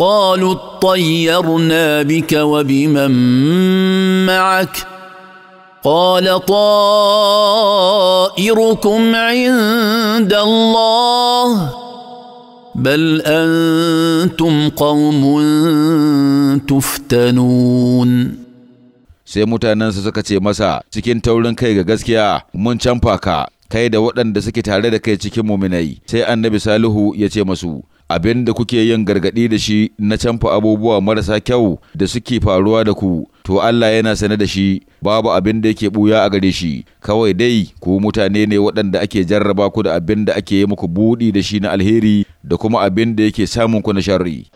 قالوا اطيرنا بك وبمن معك قال طائركم عند الله بل انتم قوم تفتنون sai mutanensa suka ce masa cikin taurin kai ga gaskiya mun canfa ka kai da waɗanda suke tare da kai cikin muminai sai annabi salihu ya ce masu abin da kuke yin gargaɗi da shi na canfa abubuwa marasa kyau da suke faruwa da ku, to Allah yana sane da shi, babu abin da yake buya a gare shi, kawai dai ku mutane ne waɗanda ake jarraba ku da abin da ake yi muku buɗi da shi na alheri da kuma abin da yake samun ku na sharri.